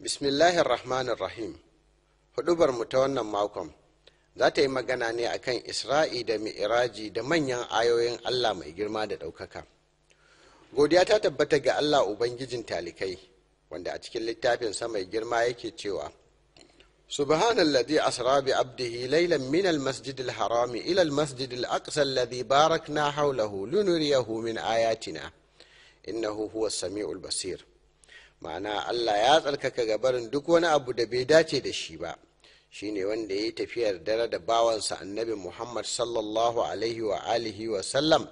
bismillahir rahmanir rahim hudubar mu ta wannan makon za ta yi magana ne akan isra'i da mi'iraji da manyan ayoyin allah mai girma da ɗaukaka godiya ta tabbata ga allah ubangijin talikai wanda a cikin littafin mai girma yake cewa subhanalladhi asra bi abdihi laylan min almasjid alharami ila almasjid alaqsa alladhi barakna hawlahu lunuriyahu min ayatina innahu huwa samiul basir ma'ana Allah ya tsarkaka gabarin duk wani abu da bai dace da shi ba shine wanda ya yi tafiyar dare da bawansa annabi Muhammad sallallahu alaihi wa alihi wa sallam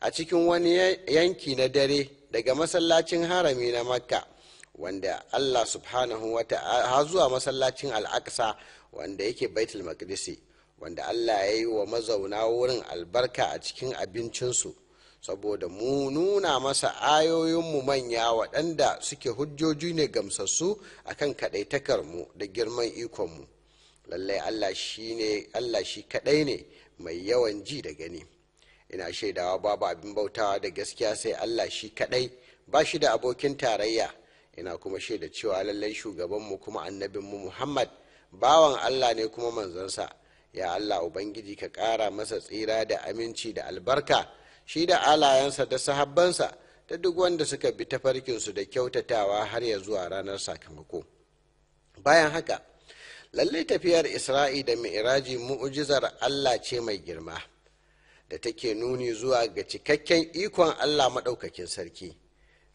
a cikin wani yanki na dare daga masallacin harami na Makka wanda Allah subhanahu wa ta'a zuwa masallacin Al-Aqsa wanda yake Baitul Maqdisi wanda Allah ya yi wa mazauna wurin albarka a cikin abincinsu saboda mu nuna masa ayoyinmu manya waɗanda suke hujjoji ne gamsassu a akan kaɗaitakarmu da girman ikonmu lallai allah shi kaɗai ne mai yawan ji da gani ina shaidawa babu abin bautawa da gaskiya sai allah shi kaɗai ba shi da abokin tarayya ina kuma shaida cewa lallai shugabanmu kuma annabinmu muhammad bawan allah ne kuma manzansa ya allah ubangiji ka ƙara masa tsira da aminci da albarka shi da alayensa da sahabbansa da duk wanda suka bi ta tafarkinsu da kyautatawa har ya zuwa ranar sakamako bayan haka lallai tafiyar isra'i da mi'raji mu'ujizar allah ce mai girma da take nuni zuwa ga cikakken ikon allah maɗaukakin sarki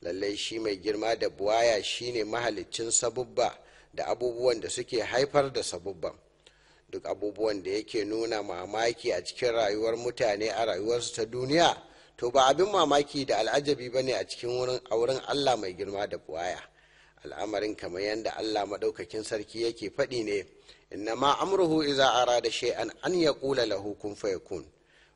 lallai shi mai girma da buwaya shine mahaliccin sabubba da abubuwan da suke haifar da sabubban duk abubuwan da yake nuna mamaki a cikin rayuwar mutane a rayuwarsu ta duniya to ba abin mamaki da al'ajabi ba ne a cikin wurin auren allah mai girma da buwaya al'amarin kamar yadda allah maɗaukakin sarki yake faɗi ne inna ma amruhu iza da shay'an an ƙula lahu kun fayakun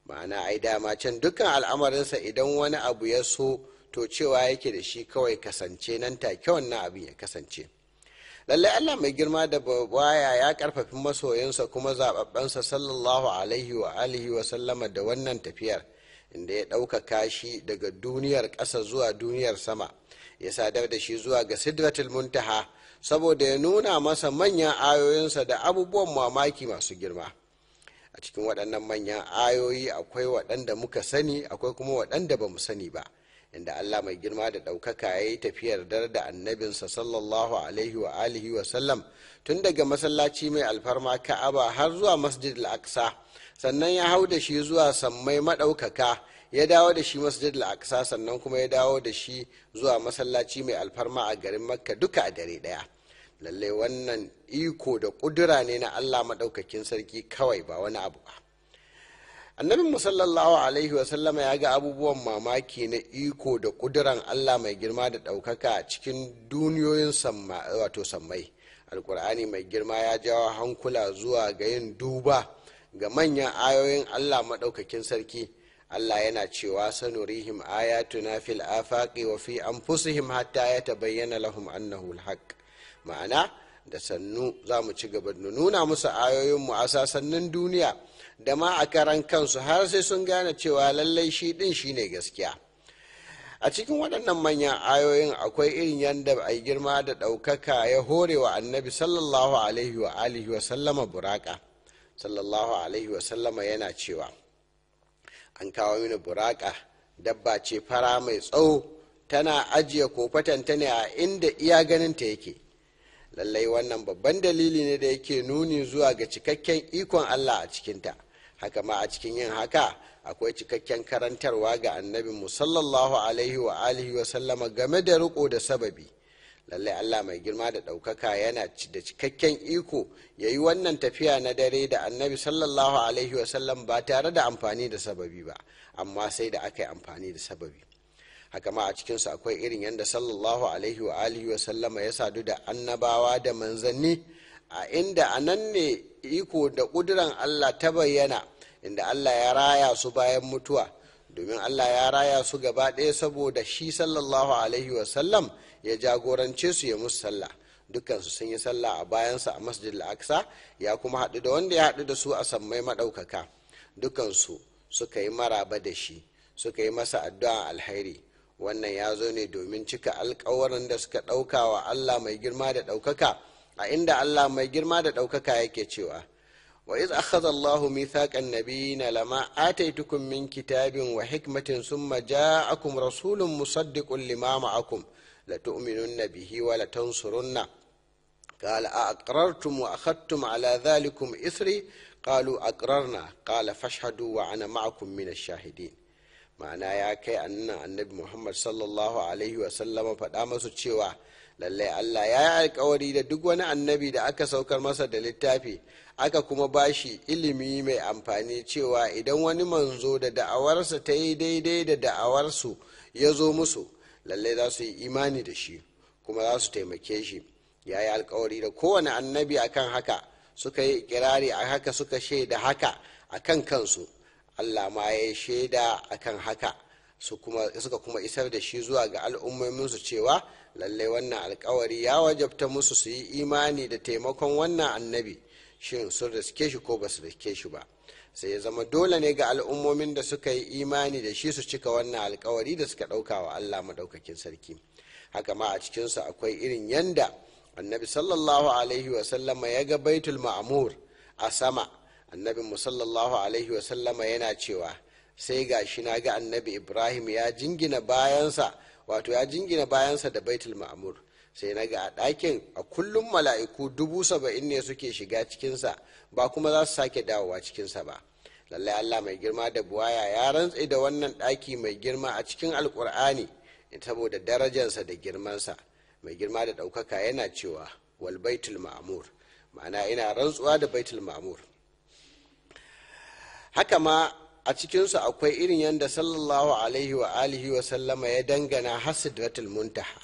ma'ana ai dama can dukkan al'amarinsa idan wani abu ya so to cewa yake da shi kawai kasance nan take wannan abin ya kasance lallai Allah mai girma da baya ya karfafi masoyinsa kuma zababbansa sallallahu alaihi wa alihi wa sallama da wannan tafiyar inda ya ɗaukaka shi daga duniyar ƙasa zuwa duniyar sama ya sadar da shi zuwa ga sidratul muntaha saboda ya nuna masa manyan ayoyinsa da abubuwan mamaki masu girma a cikin waɗannan manyan ayoyi akwai waɗanda muka sani akwai kuma waɗanda ba mu sani ba inda Allah mai girma da ɗaukaka ya yi tafiyar dar da annabinsa sallallahu alaihi wa alihi wa sallam tun daga masallaci mai alfarma ka'aba har zuwa masjid al-aqsa sannan ya hau da shi zuwa sammai maɗaukaka ya dawo da shi masjid al-aqsa sannan kuma ya dawo da shi zuwa masallaci mai alfarma a garin makka duka a dare ɗaya lallai wannan iko da ƙudura ne na allah maɗaukakin sarki kawai ba wani abu ba annabin mu alaihi wasallama ya ga abubuwan mamaki na iko da kuduran allah mai girma da ɗaukaka a cikin duniyoyin wato sammai alkur'ani mai girma ya jawo hankula zuwa ga yin duba ga manyan ayoyin allah maɗaukakin sarki allah yana cewa sanurihim ayatuna fil afaqi wa fi anfusihim hatta ya tabayyana lahum annahu alhaq ma'ana da sannu za mu ci gaba nuna musu ayoyinmu a sassanin duniya da ma a karan kansu har sai sun gane cewa lallai shi din ne gaskiya a cikin waɗannan manyan ayoyin akwai irin yadda a girma da ɗaukaka ya hore wa annabi sallallahu alaihi wa alihi wa sallama buraka sallallahu alaihi wa sallama yana cewa an kawo mini buraka dabba ce fara mai tsawo tana ajiye ko fatanta ne a inda iya ganin ganinta yake lallai wannan babban dalili ne da yake nuni zuwa ga cikakken ikon allah a cikinta haka ma a cikin yin haka akwai cikakken karantarwa ga annabi musallallahu alaihi wa alihi wa sallama game da riko da sababi lallai allah mai girma da ɗaukaka yana da cikakken iko ya yi wannan tafiya na dare da annabi sallallahu alaihi wa ba tare da amfani da sababi ba amma sai da aka yi amfani da sababi haka ma a cikinsu akwai irin yadda sallallahu alaihi wa alihi wa ya sadu da annabawa da manzanni a inda a nan ne iko da ƙuduran allah ta bayyana inda Allah ya raya su bayan mutuwa domin Allah ya raya su gaba ɗaya saboda shi sallallahu alaihi wasallam ya jagorance su ya musu sallah dukansu sun yi sallah a bayansa a masjid al-aqsa ya kuma haɗu da wanda ya haɗu da su a sammai maɗaukaka dukansu suka yi maraba da shi suka yi masa addu'a alhairi wannan ya zo ne domin cika alkawarin da suka ɗauka wa allah mai girma da ɗaukaka a inda allah mai girma da ɗaukaka yake cewa وإذ أخذ الله ميثاق النبيين لما آتيتكم من كتاب وحكمة ثم جاءكم رسول مصدق لما معكم لتؤمنن به ولتنصرنه قال أأقررتم وأخذتم على ذلكم إثري قالوا أقررنا قال فاشهدوا وأنا معكم من الشاهدين ma'ana يا كي أن النبي محمد صلى الله عليه وسلم masu تشيوه lallai Allah ya yi alkawari da duk wani annabi da aka saukar masa da littafi aka kuma bashi ilimi mai amfani cewa idan wani manzo da da'awarsa ta yi daidai da da'awarsu ya zo musu lallai za su yi imani da shi kuma za su taimake shi ya yi alkawari da kowane annabi akan haka suka yi kirari a haka suka shaida haka a kan kansu Allah ma ya shaida akan haka suka kuma isar da shi zuwa ga al'ummominsu cewa lallai wannan alkawari ya wajabta musu su yi imani da taimakon wannan annabi shin sun riske shi ko ba su riske shi ba sai ya zama dole ne ga al'ummomin da suka yi imani da shi su cika wannan alkawari da suka ɗauka wa allah maɗaukakin sarki haka ma a cikinsu akwai irin yanda annabi sallallahu alaihi wasallama ya ga baitul ma'amur a sama annabin sallallahu alaihi wasallama yana cewa sai ga shi na ga annabi ibrahim ya jingina bayansa wato ya jingina bayansa da baitul ma'amur, sai na ga a ɗakin a kullum mala'iku dubu saba'in ne suke shiga cikinsa ba kuma za su sake dawowa cikinsa ba lallai allah mai girma da buwaya ya rantse da wannan ɗaki mai girma a cikin alkur'ani saboda darajarsa da girmansa mai girma da ɗaukaka yana cewa wal baitul ma'amur, ma'ana ina rantsuwa da baitul ma'amur. haka ma a cikinsu akwai irin yadda sallallahu alaihi wa alihi wa sallama ya dangana hasidratul muntaha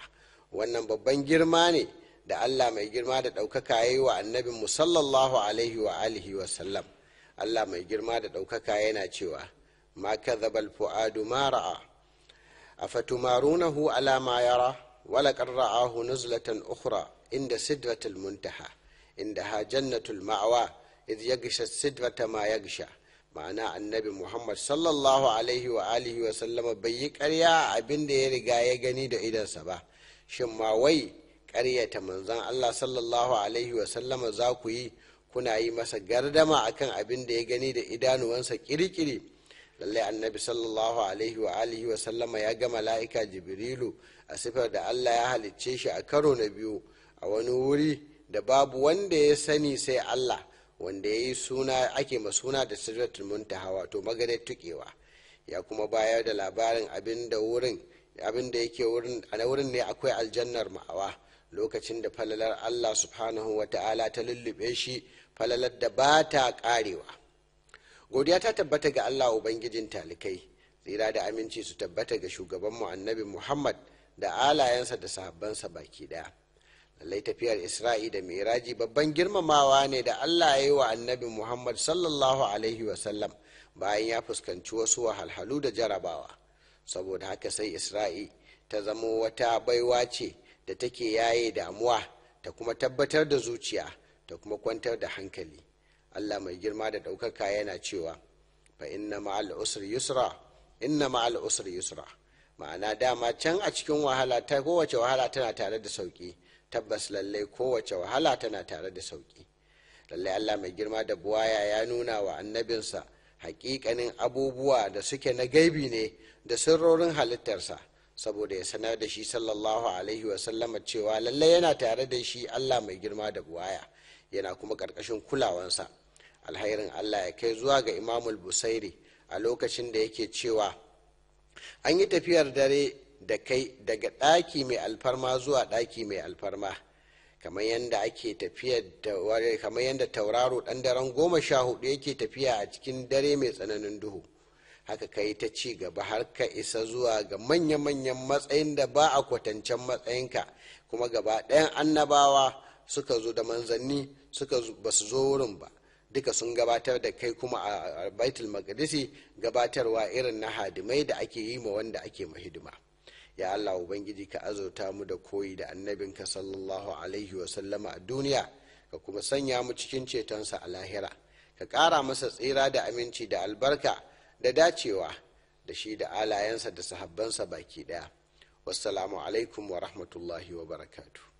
wannan babban girma ne da allah mai girma da ɗaukaka ya yi wa annabin mu sallallahu alaihi wa alihi wa sallam allah mai girma da ɗaukaka yana cewa ma kadhabal fu'adu ma ra'a afatumarunahu ala ma yara wala qad ra'ahu nuzlatan ukhra inda sidratul muntaha indaha jannatul ma'wa idh yaghsha sidrata ma yaghsha ma'ana annabi muhammad sallallahu alaihi wa alihi wa sallama bai yi karya abin da ya riga ya gani da idansa ba shin ma wai ƙaryata manzan allah sallallahu alaihi wa sallama za ku yi kuna yi masa gardama akan abin da ya gani da idanuwansa kirikiri lallai annabi sallallahu alaihi wa alihi wa sallama ya ga mala'ika jibrilu a sifar da allah ya halicce shi a karo na biyu a wani wuri da babu wanda ya sani sai allah wanda ya yi suna ake masuna da sirratul muntaha to maganar tukewa ya kuma bayar da labarin abin wurin abin yake wurin a wurin ne akwai aljannar ma'awa lokacin da falalar Allah subhanahu wa ta'ala ta lullube shi falalar da ba ta karewa godiya ta tabbata ga Allah ubangijin talikai tsira da aminci su tabbata ga shugabanmu annabi Muhammad da alayensa da sahabbansa baki daya lallai tafiyar isra'i da miraji babban girmamawa ne da allah ya yi wa annabi muhammad sallallahu alaihi wasallam bayan ya fuskanci wasu wahalhalu da jarabawa saboda haka sai isra'i ta zama wata baiwa ce da take yaye damuwa ta kuma tabbatar da zuciya ta kuma kwantar da hankali allah mai girma da ɗaukaka yana cewa fa inna ma'al usri yusra ma'ana dama can a cikin wahala ta kowace wahala tana tare da sauki tabbas lallai kowace wahala tana tare da sauki lallai allah mai girma da buwaya ya nuna wa annabinsa hakikanin abubuwa da suke na gaibi ne da sirrorin halittarsa saboda ya sanar da shi sallallahu alaihi wasallama cewa lallai yana tare da shi allah mai girma da buwaya yana kuma ƙarƙashin kulawansa alhairin allah ya kai zuwa ga imamul busairi a lokacin da yake cewa an yi tafiyar dare da kai daga ɗaki mai alfarma zuwa ɗaki mai alfarma kamar yadda ake tafiyar kamar yadda tauraro ɗan daren goma sha hudu yake tafiya a cikin dare mai tsananin duhu haka ka yi ta ci gaba har ka isa zuwa ga manya-manyan matsayin da ba a kwatancen matsayinka kuma gaba ɗayan annabawa suka zo da manzanni suka ba su zo wurin ba duka sun gabatar da kai kuma a baitul maqdisi gabatarwa irin na hadimai da ake yi ma wanda ake hidima ya allah ubangiji ka azurta mu da koyi da annabinka sallallahu alaihi wa sallama a duniya ka kuma sanya mu cikin cetonsa a lahira ka kara masa tsira da aminci da albarka da dacewa da shi da alayensa da sahabbansa baki ɗaya wassalamu alaikum wa rahmatullahi wa barakatu